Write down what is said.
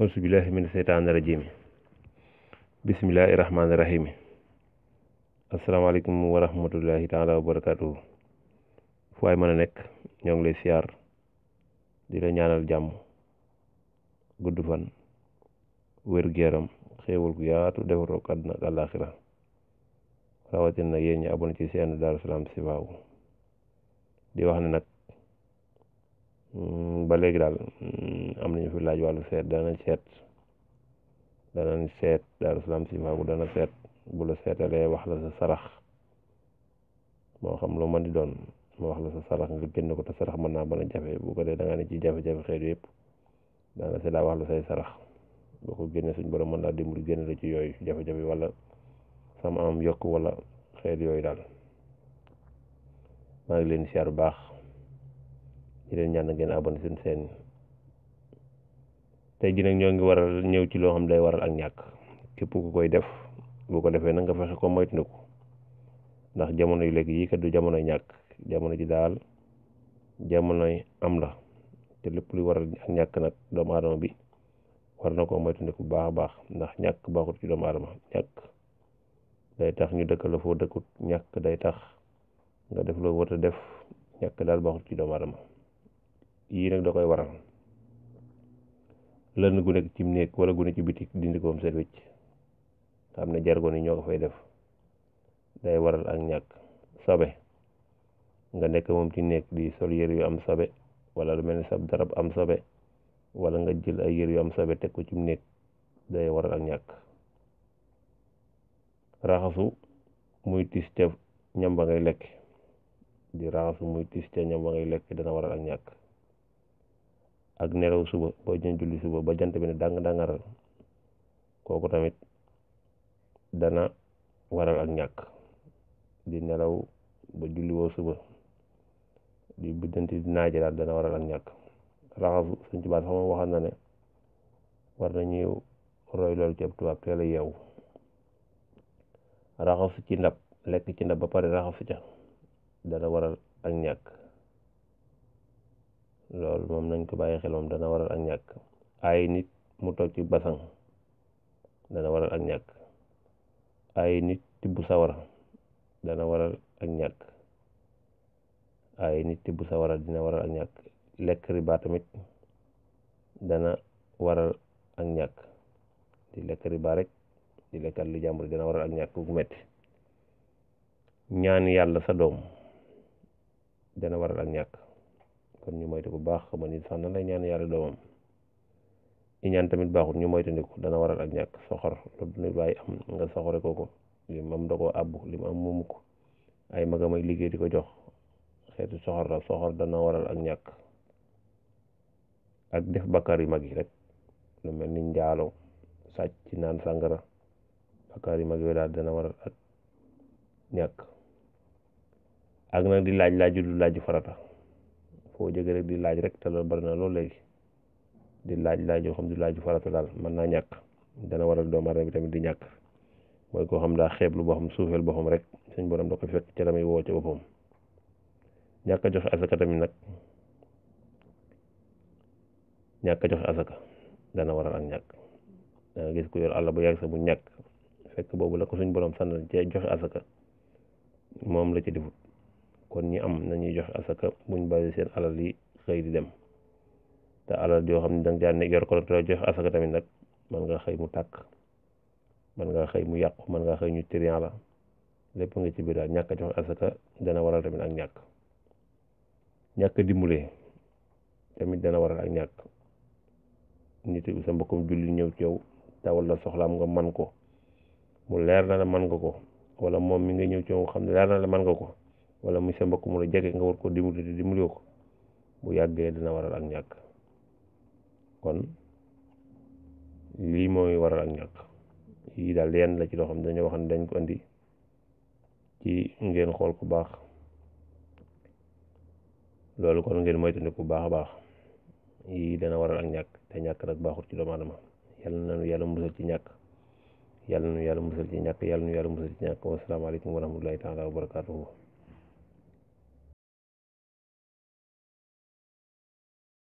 asubillahi min seytaani rajimi bismillahi rahmaani rahimi wa rahmatullahi taala wa barakaatuhu mën a nekk ñoo lay siyaar di la ñaanal jàmm gudd fan wér-gu-yaram xéewal gu yaatu defaroog àdduna ak àllaaxira rawatina nag yéen ñi abonné ci seen Daaru si waaw di wax ne nag ba léegi daal mm, am nañu fi laaj wàllu seet dana seet danañ seet Daaru Salaam si faagu dana seet bu la seetalee wax la sa sarax moo xam loo man di doon moo wax la sa sarax nga génn ko te sarax mën naa ba a jafe bu ko dee da nga ne ci jafe-jafe yëpp daana si laa say sarax boo ko génne suñ borom mën laa dimbali génn la ci yooyu jafe-jafe walla sama am yokk walla xeet yooyu daal maa ngi leen siyaar bu baax di leen ñaan ngeen abonné suñu seen tey jii nag ñoo ngi waral ñëw ci loo xam day waral ak ñàkk képp ku koy def bu ko defee na nga fexe ko ndax jamono yu léegi yii kat du jamonoy ñàkk jamono ji daal jamonoy am la te lépp lu waral ak ñàkk nag doomu aadama bi war na ko moytandiku bu baax a baax ndax ñàkk baaxut ci doomu aadama ñàkk day tax ñu dëkk la foo dëkkut ñàkk day tax nga def loo war def ñàkk daal baaxut ci doomu aadama yii nag da koy waral lënn gu nekk ci néeg wala gu ci bitik dindi koom set wecc xam ne jargon yi ñoo ko fay def day waral ak ñàkk sobe nga nekk moom ci néeg di sol yére yu am sobe wala lu mel ni sab darab am sobe walla nga jël ay yére yu am sobe teg ko ci néeg day waral ak ñàkk raxasu muy tis te ñam ngay lekk di raxasu muy tis te ñam ba ngay lekk dana waral ak ñàkk ak nelaw suba booy jën julli suba ba jant bi ne dang dàngaral kooku tamit dana waral ak ñàkk di nelaw ba julli woo suba di biddanti di naaje daal dana waral ak ñàkk raxasu suñ ci baat sax moom waxal na ne war nañuy roy loolu ci ab tubaab teel a yeewu ci ndab lekk ci ndab ba pare raxasu ca dana waral ak ñàkk loolu moom nañ ko bàyyi xel moom dana waral ak ñàkk ay nit mu toog ci basan dana waral ak ñàkk ay nit tibb sawara dana waral ak ñàkk ay nit tibb sawara dina waral ak ñàkk lekk riba tamit dana waral ak ñàkk di lekk riba rek di lekkal li jàmbur dana waral ak ñàkk gu metti ñaan yàlla sa doom dana waral ak ñàkk kon ñu moytu bu baax xam ni sax nan lay ñaan yàlla doomam iñaan tamit baaxul ñu moytandiku dana waral ak ñàkk soxor loolu nit waaye am nga soxore kooku li mu am da koo àbbu li ay magam ay liggéey di ko jox xeetu soxor la dana waral ak ñàkk ak def bakkaar yu mag yi rek lu mel ni njaalo sàcc ci naan sàngara bakkaar yu mag yooyu daal dana waral ak ñàkk ak nag di laaj laaj du laaj farata koo jege rek di laaj rek te loolu bari na loolu léegi di laaj laaj yoo xam di laaj farata daal mën naa ñàkk dana waral doomu aadama bi tamit di ñàkk mooy koo xam daa xeeblu boo xam suufeel boo xam rek suñ borom da ko fekk la muy woo ca boppam a joxe asaka tamit nag ñàkk a joxe dana waral ak ñàkk gis ku yor àll bu yàgg bu ñàkk fekk boobu la ko borom sànnal ca asaka moom la ci defut kon ñi am nañuy joxe asaka muñ bàyyi seen alal yi xëy di dem te alal yoo xam ne danga daan ne yor ko te joxe asaka tamit nag man nga xëy mu tàkk man nga xëy mu yàqu man nga xëy ñu trian la lépp nga ci biir a ñàkk a joxe asaka dana waral tamit ak ñàkk ñàkk dimbule tamit dana waral ak ñàkk nit sa mbokkum julli ñëw ci yow tawal la soxlaam nga man ko mu leer na la man nga ko wala moom mi nga ñëw ci yow xam ne leer na la man nga ko wala muy sa mbokk mu la jege nga war ko dimbali te dimbaliwoo ko bu yàggee dina waral ak ñàkk kon lii mooy waral ak ñàkk yii daal yenn la ci loo xam ne dañoo wax ne dañ ko indi ci ngeen xool ku baax loolu kon ngeen moytandi ku baax a baax yii dana waral ak ñàkk te ñàkk nag baaxul ci doomu aadama yàlla nañu yàlla musal ci ñàkk na nañu yàlla musal ci ñàkk yàlla nañu yàlla musal ci ñàkk wasalaamaaleykum wa rahmatullahi taala wa barakaatuhu